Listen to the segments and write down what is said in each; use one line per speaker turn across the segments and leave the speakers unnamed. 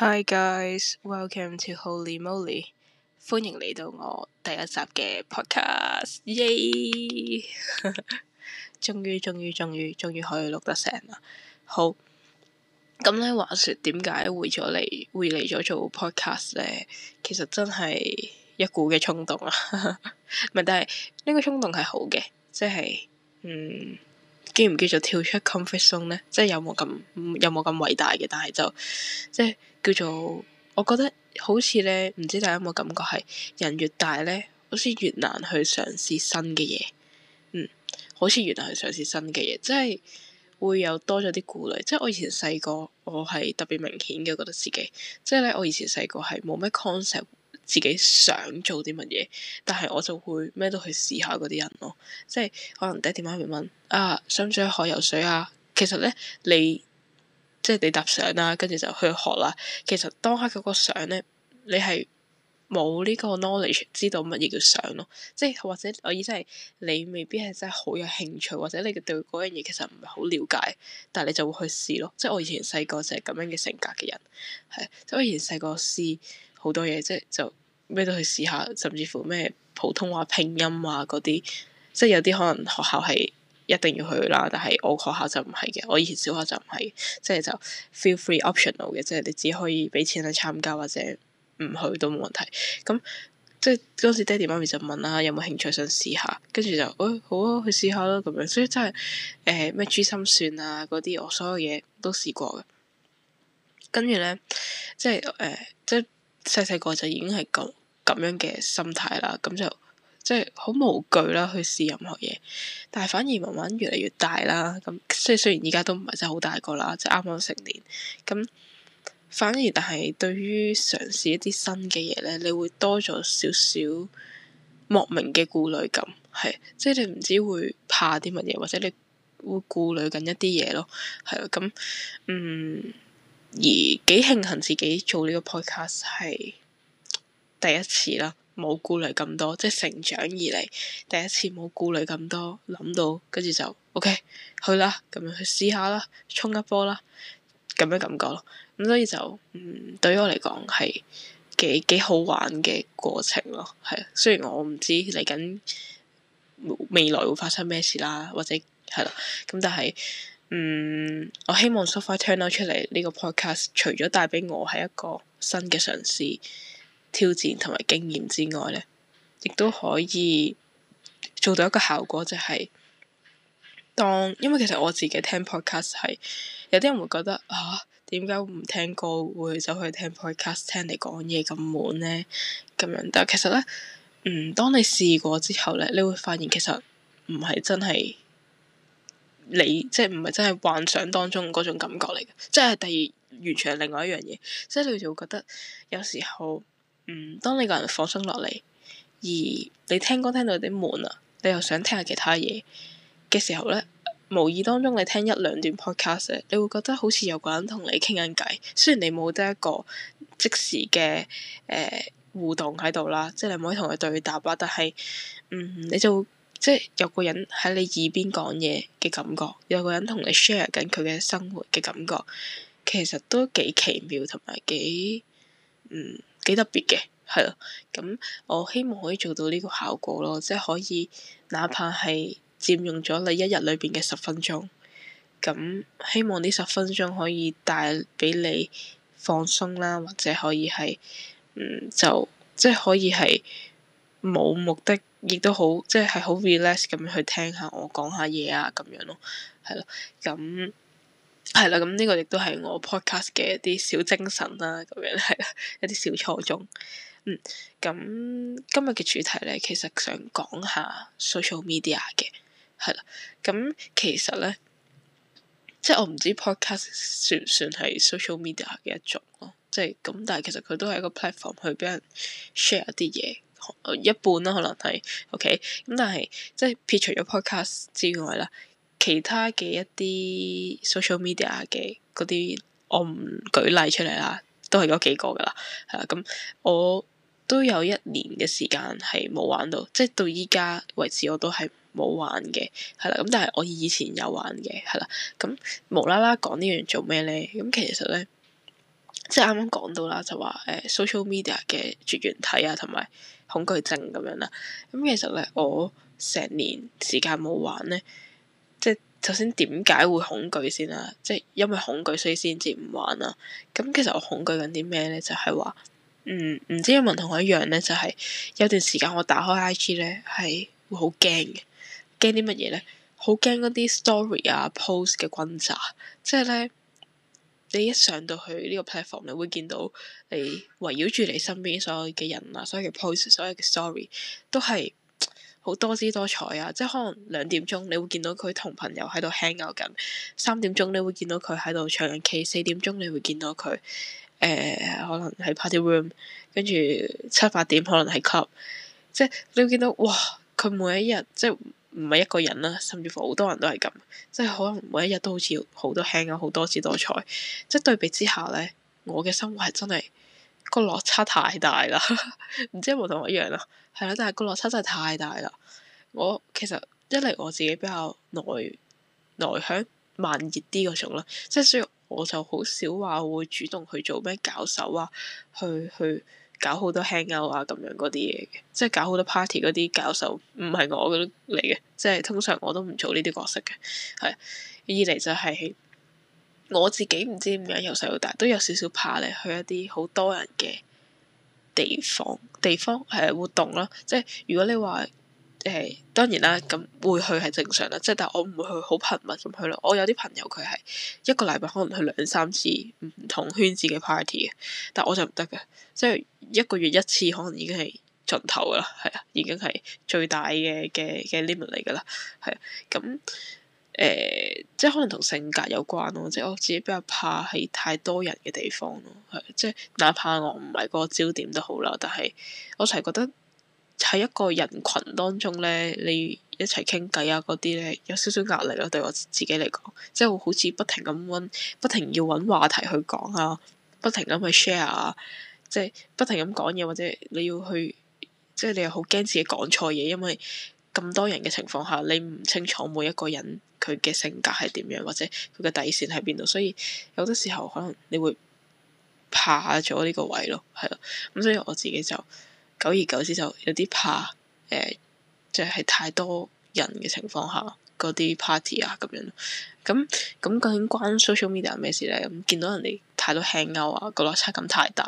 Hi guys, welcome to Holy Moly，歡迎嚟到我第一集嘅 podcast，耶！ 終於終於終於終於可以錄得成啦。好，咁咧話說點解回咗嚟，回嚟咗做 podcast 咧？其實真係一股嘅衝動啦，唔係，但係呢個衝動係好嘅，即係，嗯。叫唔叫做跳出 comfort zone 呢？即係有冇咁有冇咁偉大嘅？但係就即係叫做我覺得好似呢，唔知大家有冇感覺係人越大呢，好似越難去嘗試新嘅嘢。嗯，好似越難去嘗試新嘅嘢，即係會有多咗啲顧慮。即係我以前細個，我係特別明顯嘅，覺得自己即係呢，我以前細個係冇咩 concept。自己想做啲乜嘢，但係我就會咩都去試下嗰啲人咯，即係可能爹哋媽咪問啊，想唔想去學游水啊？其實咧，你即係你搭相啦、啊，跟住就去學啦。其實當刻嗰個相咧，你係冇呢個 knowledge 知道乜嘢叫相咯，即係或者我意思係你未必係真係好有興趣，或者你對嗰樣嘢其實唔係好了解，但係你就會去試咯。即係我以前細個就係咁樣嘅性格嘅人，係即係我以前細個試。好多嘢即係就咩都去試下，甚至乎咩普通話拼音啊嗰啲，即係有啲可能學校係一定要去啦，但係我學校就唔係嘅，我以前小學就唔係，即係就 feel free optional 嘅，即係你只可以俾錢去參加或者唔去都冇問題。咁即係嗰時爹哋媽咪就問啦、啊，有冇興趣想試下？跟住就，誒、欸、好啊，去試下啦咁樣。所以真係誒咩珠心算啊嗰啲，我所有嘢都試過嘅。跟住咧，即係誒、呃、即。呃即細細個就已經係咁咁樣嘅心態啦，咁就即係好無懼啦，去試任何嘢。但係反而慢慢越嚟越大啦，咁即係雖然依家都唔係真係好大個啦，即係啱啱成年，咁反而但係對於嘗試一啲新嘅嘢呢，你會多咗少少莫名嘅顧慮感，係即係你唔知會怕啲乜嘢，或者你會顧慮緊一啲嘢咯，係咯，咁嗯。而幾慶幸自己做呢個 podcast 係第一次啦，冇顧慮咁多，即係成長以嚟第一次冇顧慮咁多，諗到跟住就 OK，去啦咁樣去試下啦，衝一波啦咁樣感覺咯。咁所以就嗯對於我嚟講係幾幾好玩嘅過程咯，係。雖然我唔知嚟緊未，未來會發生咩事啦，或者係啦，咁但係。嗯，我希望 so far turn 到出嚟呢，這個 podcast，除咗帶俾我係一個新嘅嘗試挑戰同埋經驗之外咧，亦都可以做到一個效果，就係、是、當因為其實我自己聽 podcast 係有啲人會覺得啊，點解唔聽歌會走去聽 podcast 聽你講嘢咁悶咧，咁樣。但其實咧，嗯，當你試過之後咧，你會發現其實唔係真係。你即係唔係真係幻想當中嗰種感覺嚟嘅，即係第二完全係另外一樣嘢。即係你就會覺得有時候，嗯，當你個人放鬆落嚟，而你聽歌聽到有啲悶啊，你又想聽下其他嘢嘅時候咧，無意當中你聽一兩段 podcast，你會覺得好似有個人同你傾緊偈。雖然你冇得一個即時嘅誒、呃、互動喺度啦，即係你唔可以同佢對答啊，但係嗯你就。即係有個人喺你耳邊講嘢嘅感覺，有個人同你 share 緊佢嘅生活嘅感覺，其實都幾奇妙同埋幾嗯幾特別嘅，係咯。咁、嗯、我希望可以做到呢個效果咯，即係可以哪怕係佔用咗你一日裏邊嘅十分鐘，咁、嗯、希望呢十分鐘可以帶俾你放鬆啦，或者可以係嗯就即係可以係。冇目的，亦都好，即係係好 relax 咁樣去聽下我講下嘢啊，咁樣咯，係咯，咁係啦，咁呢個亦都係我 podcast 嘅一啲小精神啦、啊，咁樣係啦，一啲小初衷。嗯，咁今日嘅主題咧，其實想講下 social media 嘅，係啦，咁其實咧，即係我唔知 podcast 算唔算係 social media 嘅一種咯，即係咁，但係其實佢都係一個 platform 去俾人 share 啲嘢。一半啦，可能係 OK 咁，但係即係撇除咗 Podcast 之外啦，其他嘅一啲 social media 嘅嗰啲，我唔舉例出嚟啦，都係嗰幾個噶啦，係啦咁，我都有一年嘅時間係冇玩到，即係到依家為止我都係冇玩嘅，係啦咁，但係我以前有玩嘅，係啦咁無啦啦講呢樣做咩咧？咁其實咧，即係啱啱講到啦，就話誒 social media 嘅絕緣體啊，同埋～恐懼症咁樣啦，咁、嗯、其實咧，我成年時間冇玩咧，即係首先點解會恐懼先啦、啊？即係因為恐懼，所以先至唔玩啦、啊。咁、嗯、其實我恐懼緊啲咩咧？就係、是、話，嗯，唔知阿文同我一樣咧，就係、是、有段時間我打開 IG 咧，係會好驚嘅，驚啲乜嘢咧？好驚嗰啲 story 啊，post 嘅轟炸，即係咧。你一上到去呢個 platform，你會見到你圍繞住你身邊所有嘅人啊，所有嘅 posts，所有嘅 story 都係好多姿多彩啊！即係可能兩點鐘你會見到佢同朋友喺度 hang out 緊，三點鐘你會見到佢喺度唱 K，四點鐘你會見到佢誒、呃、可能喺 party room，跟住七八點可能喺 club，即係你會見到哇佢每一日即係。唔係一個人啦，甚至乎好多人都係咁，即係可能每一日都好似好多輕啊，好多姿多彩，即係對比之下呢，我嘅生活係真係個落差太大啦，唔知有冇同我一樣啦，係啦，但係個落差真係太大啦。我其實一嚟我自己比較內內向、慢熱啲嗰種啦，即係所以我就好少話會主動去做咩搞手啊，去去。搞好多 hang out 啊，咁樣嗰啲嘢，嘅，即係搞好多 party 嗰啲教授，唔係我嘅嚟嘅，即係通常我都唔做呢啲角色嘅，係二嚟就係、是、我自己唔知點解由細到大都有少少怕你去一啲好多人嘅地方地方係活動囉，即係如果你話。誒、呃、當然啦，咁會去係正常啦，即係但我唔會去好頻密咁去咯。我有啲朋友佢係一個禮拜可能去兩三次唔同圈子嘅 party，但我就唔得嘅，即係一個月一次可能已經係盡頭噶啦，係啊，已經係最大嘅嘅嘅 limit 嚟㗎啦，係咁，誒，即係可能同性格有關咯，即係我自己比較怕喺太多人嘅地方咯，係，即係哪怕我唔係嗰個焦點都好啦，但係我成日覺得。喺一個人群當中咧，你一齊傾偈啊嗰啲咧，有少少壓力咯，對我自己嚟講，即係好似不停咁揾，不停要揾話題去講啊，不停咁去 share 啊，即係不停咁講嘢，或者你要去，即係你又好驚自己講錯嘢，因為咁多人嘅情況下，你唔清楚每一個人佢嘅性格係點樣，或者佢嘅底線喺邊度，所以有啲時候可能你會怕咗呢個位咯，係咯，咁所以我自己就，久而久之就有啲怕，誒、呃，即、就、係、是、太多人嘅情況下，嗰啲 party 啊咁樣，咁咁究竟關 social media 咩事咧？咁見到人哋太多 hang out 啊，個落差感太大，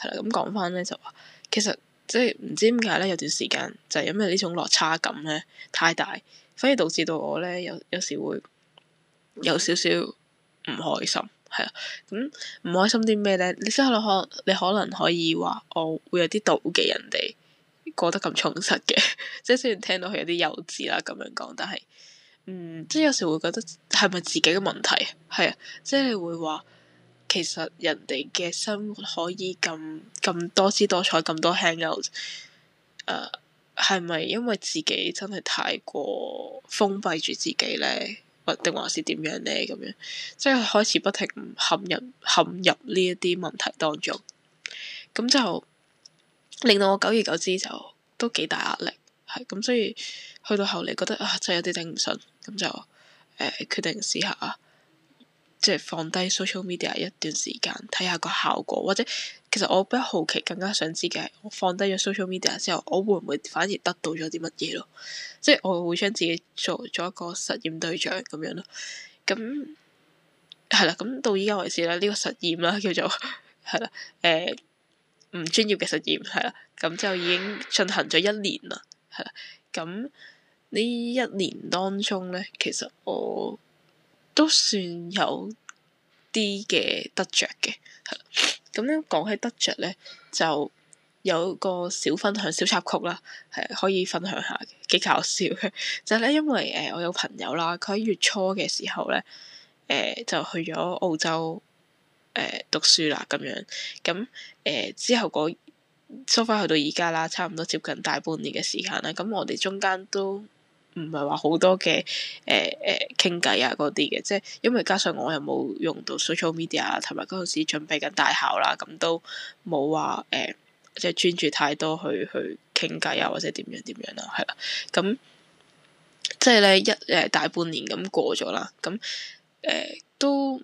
係啦。咁講翻咧就話其實即係唔知點解咧，有段時間就係因為呢種落差感咧太大，反而導致到我咧有有時會有少少唔開心。係啊，咁唔、嗯、開心啲咩咧？你思考下，你可能可以話我會有啲妒忌人哋過得咁充實嘅， 即係雖然聽到佢有啲幼稚啦咁樣講，但係，嗯，即係有時會覺得係咪自己嘅問題？係啊，即係你會話其實人哋嘅生活可以咁咁多姿多彩，咁多 hangout，誒、呃，係咪因為自己真係太過封閉住自己咧？定還是點樣呢？咁樣，即係開始不停陷入陷入呢一啲問題當中，咁就令到我久而久之就都幾大壓力，係咁所以去到後嚟覺得啊真係有啲頂唔順，咁就誒、呃、決定試下。即係放低 social media 一段時間，睇下個效果，或者其實我比較好奇，更加想知嘅係我放低咗 social media 之後，我會唔會反而得到咗啲乜嘢咯？即係我會將自己做咗一個實驗對象咁樣咯。咁係啦，咁到依家為止啦，呢個實驗啦叫做係啦，誒唔專業嘅實驗係啦，咁就已經進行咗一年啦，係啦，咁呢一年當中咧，其實我，都算有啲嘅得着嘅，係咁樣講起得着咧，就有個小分享、小插曲啦，係可以分享下嘅，幾搞笑嘅。就咧、係，因為誒、呃、我有朋友啦，佢喺月初嘅時候咧，誒、呃、就去咗澳洲誒、呃、讀書啦，咁樣咁誒、嗯呃、之後嗰收返去到而家啦，差唔多接近大半年嘅時間啦，咁我哋中間都～唔係話好多嘅誒誒傾偈啊嗰啲嘅，即係因為加上我又冇用到 social media 啊，同埋嗰陣時準備緊大考啦，咁都冇話誒即係專注太多去去傾偈啊，或者點樣點樣啦、啊，係啦，咁、嗯、即係咧一誒、呃、大半年咁過咗啦，咁、嗯、誒、呃、都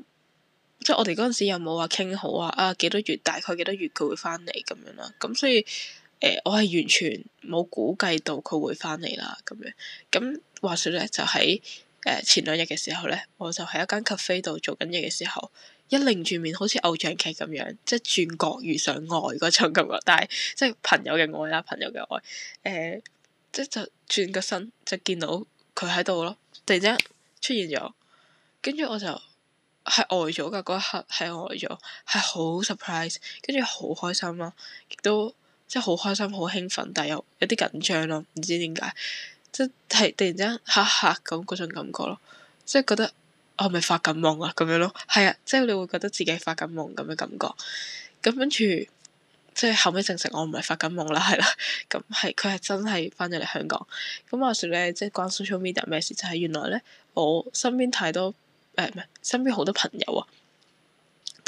即係我哋嗰陣時又冇話傾好啊，啊，幾多月大概幾多月佢會返嚟咁樣啦，咁、嗯、所以。誒、呃，我係完全冇估計到佢會翻嚟啦，咁樣咁話説咧，就喺誒、呃、前兩日嘅時候咧，我就喺一間 cafe 度做緊嘢嘅時候，一擰住面好似偶像劇咁樣，即係轉角遇上愛嗰種感覺，但係即係朋友嘅愛啦，朋友嘅愛誒、呃，即就轉個身就見到佢喺度咯，突然之間出現咗，跟住我就係呆咗㗎，嗰一刻係呆咗，係好 surprise，跟住好開心啦、啊，亦都～即係好開心、好興奮，但係又有啲緊張咯，唔知點解，即係突然之間嚇嚇咁嗰種感覺咯，即係覺得我係咪發緊夢啊咁樣咯，係啊，即係你會覺得自己發緊夢咁嘅感覺，咁跟住即係後尾，證實我唔係發緊夢啦，係、嗯、啦，咁係佢係真係翻咗嚟香港，咁、嗯、話説咧，即係關 social media 咩事？就係原來咧，我身邊太多誒唔係身邊好多朋友啊。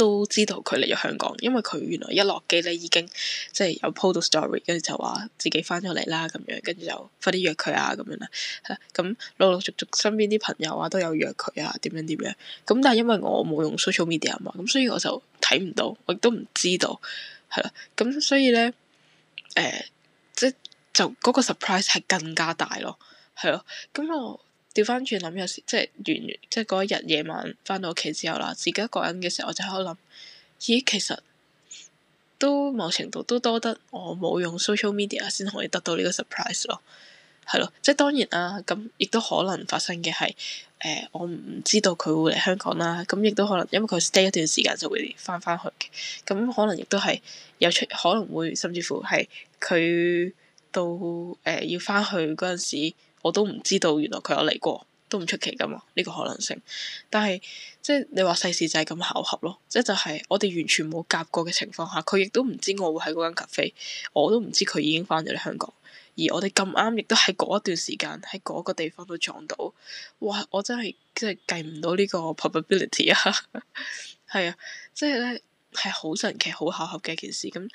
都知道佢嚟咗香港，因為佢原來一落機咧已經即係有 po 到 story，跟住就話自己翻咗嚟啦咁樣，跟住就快啲約佢啊咁樣啦。咁陸陸續續身邊啲朋友啊都有約佢啊，點樣點樣。咁但係因為我冇用 social media 啊嘛，咁所以我就睇唔到，我亦都唔知道。係啦，咁所以咧，誒、呃，即係就嗰個 surprise 係更加大咯。係咯，咁我。調翻轉諗有時即係完完即係嗰一日夜晚翻到屋企之後啦，自己一個人嘅時候我就喺度諗，咦、欸、其實都某程度都多得我冇用 social media 先可以得到呢個 surprise 咯，係咯，即係當然啦，咁、嗯、亦都可能發生嘅係誒我唔知道佢會嚟香港啦，咁、嗯、亦都可能因為佢 stay 一段時間就會翻返去嘅，咁、嗯、可能亦都係有出可能會甚至乎係佢到誒、呃、要翻去嗰陣時。我都唔知道，原來佢有嚟過，都唔出奇噶嘛，呢個可能性。但係即係你話世事就係咁巧合咯，即就係我哋完全冇夾過嘅情況下，佢亦都唔知我會喺嗰間 cafe，我都唔知佢已經翻咗嚟香港，而我哋咁啱亦都喺嗰一段時間喺嗰個地方都撞到。哇！我真係即係計唔到呢個 probability 啊，係 啊，即係咧係好神奇、好巧合嘅一件事咁。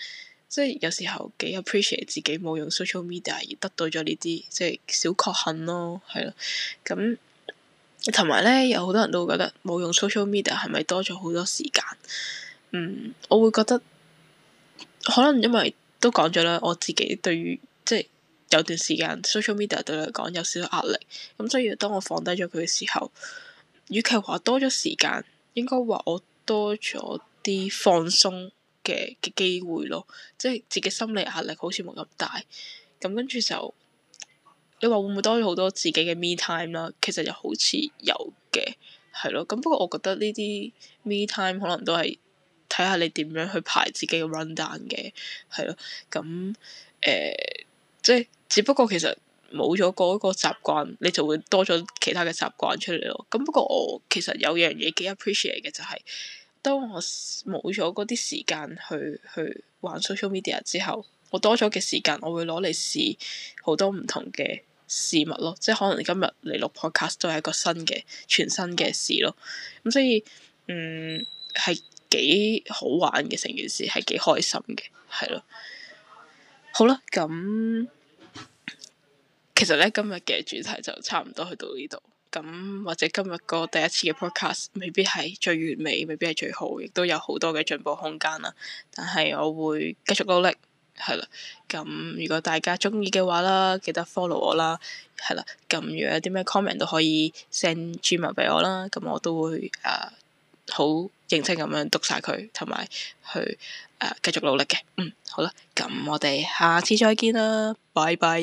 即係有時候幾 appreciate 自己冇用 social media 而得到咗呢啲即係小確幸咯，係咯，咁同埋咧有好多人都會覺得冇用 social media 係咪多咗好多時間？嗯，我會覺得可能因為都講咗啦，我自己對於即係有段時間 social media 對你嚟講有少少壓力，咁所以當我放低咗佢嘅時候，與其話多咗時間，應該話我多咗啲放鬆。嘅嘅機會咯，即係自己心理壓力好似冇咁大，咁跟住就你話會唔會多咗好多自己嘅 me time 啦？其實又好似有嘅，係咯。咁不過我覺得呢啲 me time 可能都係睇下你點樣去排自己嘅 run down 嘅，係咯。咁誒、呃，即係只不過其實冇咗嗰個習慣，你就會多咗其他嘅習慣出嚟咯。咁不過我其實有樣嘢幾 appreciate 嘅就係、係。當我冇咗嗰啲時間去去玩 social media 之後，我多咗嘅時間，我會攞嚟試好多唔同嘅事物咯。即係可能今日嚟錄 podcast 都係一個新嘅全新嘅事咯。咁、嗯、所以，嗯，係幾好玩嘅成件事，係幾開心嘅，係咯。好啦，咁其實咧今日嘅主題就差唔多去到呢度。咁或者今日個第一次嘅 podcast 未必係最完美，未必係最好，亦都有好多嘅進步空間啦。但係我會繼續努力，係啦。咁如果大家鍾意嘅話啦，記得 follow 我啦，係啦。咁如果有啲咩 comment 都可以 send 專文俾我啦，咁我都會誒好、呃、認清咁樣讀晒佢，同埋去誒、呃、繼續努力嘅。嗯，好啦，咁我哋下次再見啦，拜拜。